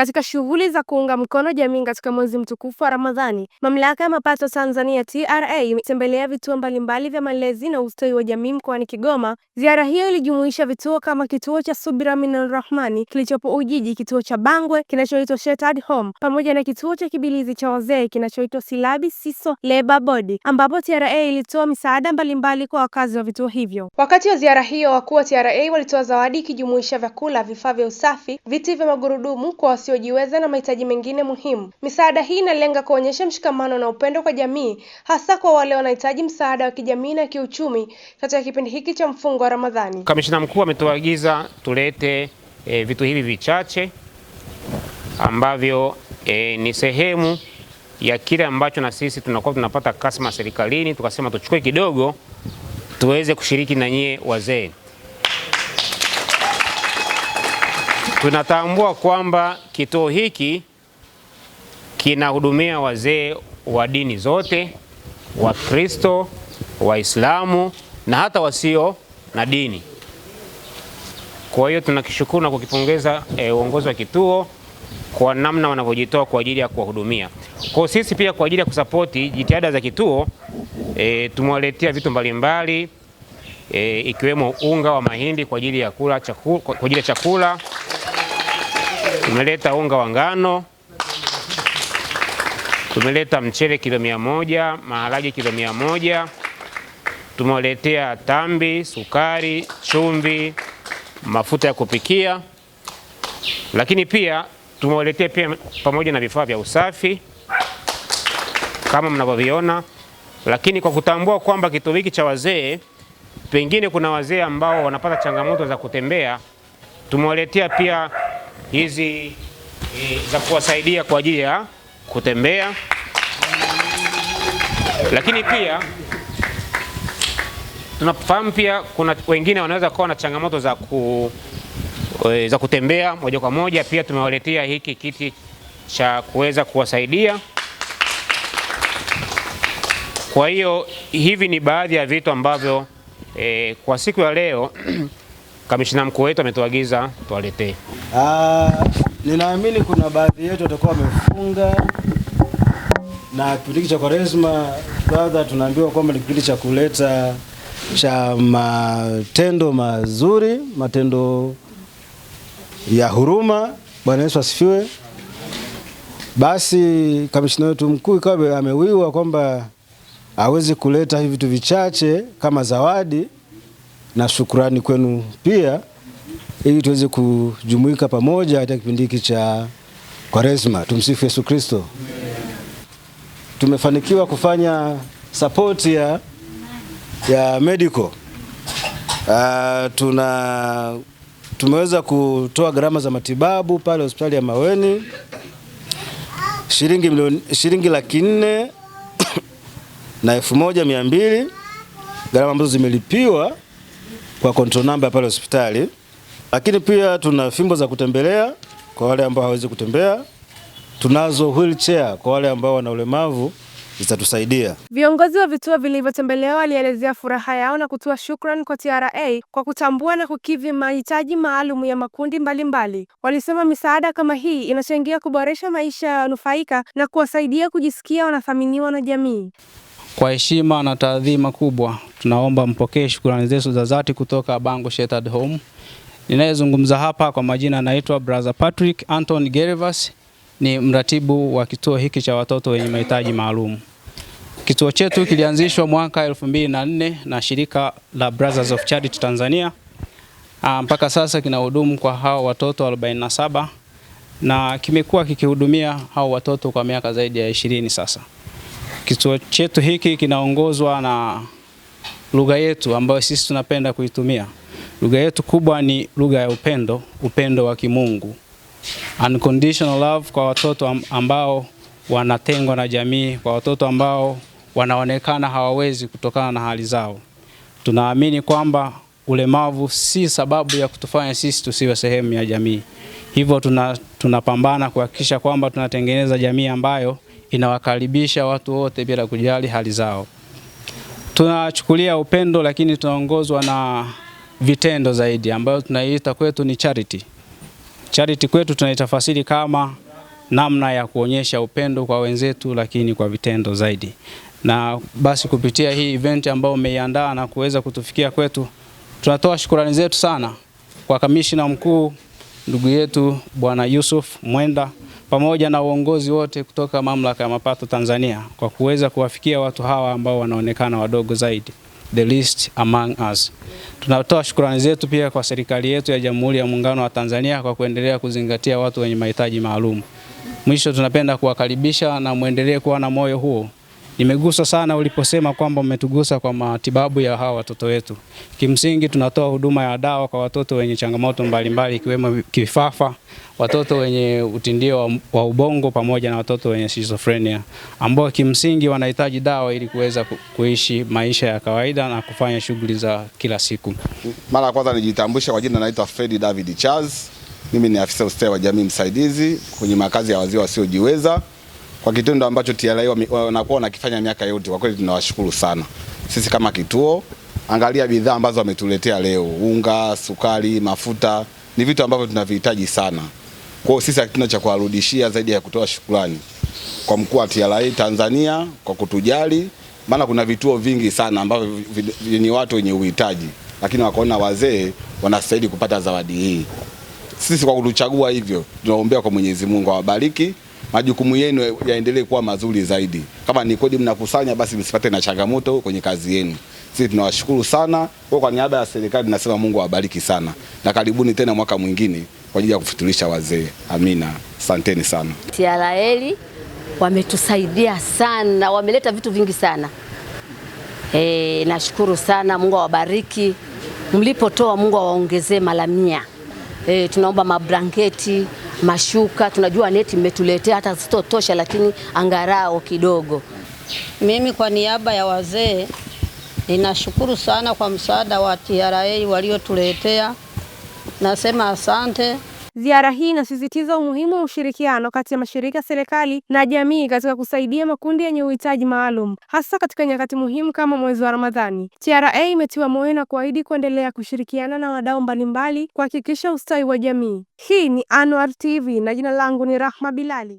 Katika shughuli za kuunga mkono jamii katika mwezi mtukufu wa Ramadhani, Mamlaka ya Mapato Tanzania TRA imetembelea vituo mbalimbali vya malezi na ustawi wa jamii mkoani Kigoma. Ziara hiyo ilijumuisha vituo kama kituo cha Subira Minal Rahmani kilichopo Ujiji, kituo cha Bangwe kinachoitwa Sheltered Home pamoja na kituo cha Kibilizi cha wazee kinachoitwa Silabi Siso Labor Board, ambapo TRA ilitoa misaada mbalimbali kwa wakazi wa vituo hivyo. Wakati wa ziara hiyo, wakuu wa TRA walitoa zawadi ikijumuisha vyakula, vifaa vya usafi, viti vya magurudumu kwa wasi wasiojiweza na mahitaji mengine muhimu. Misaada hii inalenga kuonyesha mshikamano na upendo kwa jamii, hasa kwa wale wanahitaji msaada wa kijamii na kiuchumi katika kipindi hiki cha mfungo wa Ramadhani. Kamishina mkuu ametuagiza tulete e, vitu hivi vichache ambavyo e, ni sehemu ya kile ambacho na sisi tunakuwa tunapata kasma serikalini, tukasema tuchukue kidogo tuweze kushiriki na nyie wazee. Tunatambua kwamba kituo hiki kinahudumia wazee wa dini zote, Wakristo, Waislamu na hata wasio na dini. Kwa hiyo tunakishukuru na kukipongeza e, uongozi wa kituo kwa namna wanavyojitoa kwa ajili ya kuwahudumia. Kwa sisi pia kwa ajili ya kusapoti jitihada za kituo e, tumewaletea vitu mbalimbali e, ikiwemo unga wa mahindi kwa ajili ya kula chakula, kwa ajili ya chakula Tumeleta unga wa ngano, tumeleta mchele kilo mia moja, maharage kilo mia moja, tumewaletea tambi, sukari, chumvi, mafuta ya kupikia, lakini pia tumewaletea pia pamoja na vifaa vya usafi kama mnavyoviona, lakini kwa kutambua kwamba kituo hiki cha wazee pengine kuna wazee ambao wanapata changamoto za kutembea, tumewaletea pia hizi e, za kuwasaidia kwa ajili ya kutembea, lakini pia tunafahamu pia kuna wengine wanaweza kuwa na changamoto za, ku, e, za kutembea moja kwa moja. Pia tumewaletea hiki kiti cha kuweza kuwasaidia. Kwa hiyo hivi ni baadhi ya vitu ambavyo e, kwa siku ya leo kamishina mkuu wetu ametuagiza tuwaletee. Ah, ninaamini kuna baadhi yetu watakuwa wamefunga na kipindi cha Kwaresma brother, tunaambiwa kwamba ni kipindi cha kuleta cha matendo mazuri, matendo ya huruma. Bwana Yesu asifiwe. Basi kamishina wetu mkuu ikawa amewiwa kwamba hawezi kuleta hivi vitu vichache kama zawadi na shukrani kwenu pia, ili tuweze kujumuika pamoja katika kipindi hiki cha Kwaresma. Tumsifu Yesu Kristo. Tumefanikiwa kufanya sapoti ya, ya medical uh, tuna tumeweza kutoa gharama za matibabu pale hospitali ya Maweni shilingi milioni shilingi laki nne na elfu moja mia mbili gharama ambazo zimelipiwa kwa control number pale hospitali, lakini pia tuna fimbo za kutembelea kwa wale ambao hawezi kutembea. Tunazo wheelchair kwa wale ambao wana ulemavu zitatusaidia. Viongozi wa vituo vilivyotembelewa walielezea furaha yao na kutoa shukrani kwa TRA kwa kutambua na kukidhi mahitaji maalum ya makundi mbalimbali mbali. Walisema misaada kama hii inachangia kuboresha maisha ya wanufaika na kuwasaidia kujisikia wanathaminiwa na jamii. Kwa heshima na taadhima kubwa, tunaomba mpokee shukrani zetu za dhati kutoka Bango Sheltered Home. Ninayezungumza hapa kwa majina anaitwa Brother Patrick Anton Gervas, ni mratibu wa kituo hiki cha watoto wenye mahitaji maalum. Kituo chetu kilianzishwa mwaka 2004 na shirika la Brothers of Charity Tanzania ah, mpaka sasa kinahudumu kwa hao watoto 47 na kimekuwa kikihudumia hao watoto kwa miaka zaidi ya 20 sasa. Kituo chetu hiki kinaongozwa na lugha yetu ambayo sisi tunapenda kuitumia. Lugha yetu kubwa ni lugha ya upendo, upendo wa kimungu, unconditional love kwa watoto ambao wanatengwa na jamii, kwa watoto ambao wanaonekana hawawezi kutokana na hali zao. Tunaamini kwamba ulemavu si sababu ya kutufanya sisi tusiwe sehemu ya jamii, hivyo tunapambana tuna kuhakikisha kwamba tunatengeneza jamii ambayo inawakaribisha watu wote bila kujali hali zao. Tunachukulia upendo, lakini tunaongozwa na vitendo zaidi, ambayo tunaiita kwetu ni charity. Charity kwetu tunaitafasiri kama namna ya kuonyesha upendo kwa wenzetu, lakini kwa vitendo zaidi. Na basi kupitia hii event ambayo umeiandaa na kuweza kutufikia kwetu, tunatoa shukurani zetu sana kwa kamishna mkuu ndugu yetu Bwana Yusuf Mwenda pamoja na uongozi wote kutoka Mamlaka ya Mapato Tanzania kwa kuweza kuwafikia watu hawa ambao wanaonekana wadogo zaidi, the least among us. Tunatoa shukrani zetu pia kwa serikali yetu ya Jamhuri ya Muungano wa Tanzania kwa kuendelea kuzingatia watu wenye mahitaji maalum. Mwisho, tunapenda kuwakaribisha na muendelee kuwa na moyo huo Nimegusa sana uliposema kwamba umetugusa kwa matibabu ya hawa watoto wetu. Kimsingi tunatoa huduma ya dawa kwa watoto wenye changamoto mbalimbali ikiwemo kifafa, watoto wenye utindio wa ubongo pamoja na watoto wenye schizophrenia ambao kimsingi wanahitaji dawa ili kuweza kuishi maisha ya kawaida na kufanya shughuli za kila siku. Mara ya kwanza nijitambulisha kwa jina, naitwa Fred David Charles. Mimi ni afisa ustawi wa jamii msaidizi kwenye makazi ya wazee wasiojiweza kwa kitendo ambacho TRA wanakuwa wanakifanya miaka yote. Kwa kweli tunawashukuru sana sisi kama kituo. Angalia bidhaa ambazo wametuletea leo, unga, sukari, mafuta ni vitu ambavyo tunavihitaji sana. Kwa hiyo sisi hatuna cha kuwarudishia zaidi ya kutoa shukrani kwa mkuu wa TRA Tanzania kwa kutujali, maana kuna vituo vingi sana ambavyo ni watu wenye uhitaji, lakini wakaona wazee wanastahili kupata zawadi hii. Sisi kwa kutuchagua hivyo, tunaombea kwa Mwenyezi Mungu awabariki majukumu yenu yaendelee kuwa mazuri zaidi. Kama ni kodi mnakusanya, basi msipate na changamoto kwenye kazi yenu. Sisi tunawashukuru sana kwa, kwa niaba ya serikali nasema Mungu awabariki sana na karibuni tena mwaka mwingine kwa ajili ya kufutulisha wazee. Amina, asanteni sana. TRL wametusaidia sana, wameleta vitu vingi sana e, nashukuru sana. Mungu awabariki mlipotoa, Mungu awaongezee mara mia. E, tunaomba mabranketi mashuka, tunajua neti mmetuletea hata sitotosha, lakini angarao kidogo. Mimi kwa niaba ya wazee ninashukuru sana kwa msaada wa TRA waliotuletea, nasema asante. Ziara hii inasisitiza umuhimu wa ushirikiano kati ya mashirika ya serikali na jamii katika kusaidia makundi yenye uhitaji maalum, hasa katika nyakati muhimu kama mwezi wa Ramadhani. TRA imetiwa moyo na kuahidi kuendelea kushirikiana na wadau mbalimbali kuhakikisha ustawi wa jamii. Hii ni Anwar TV na jina langu ni Rahma Bilali.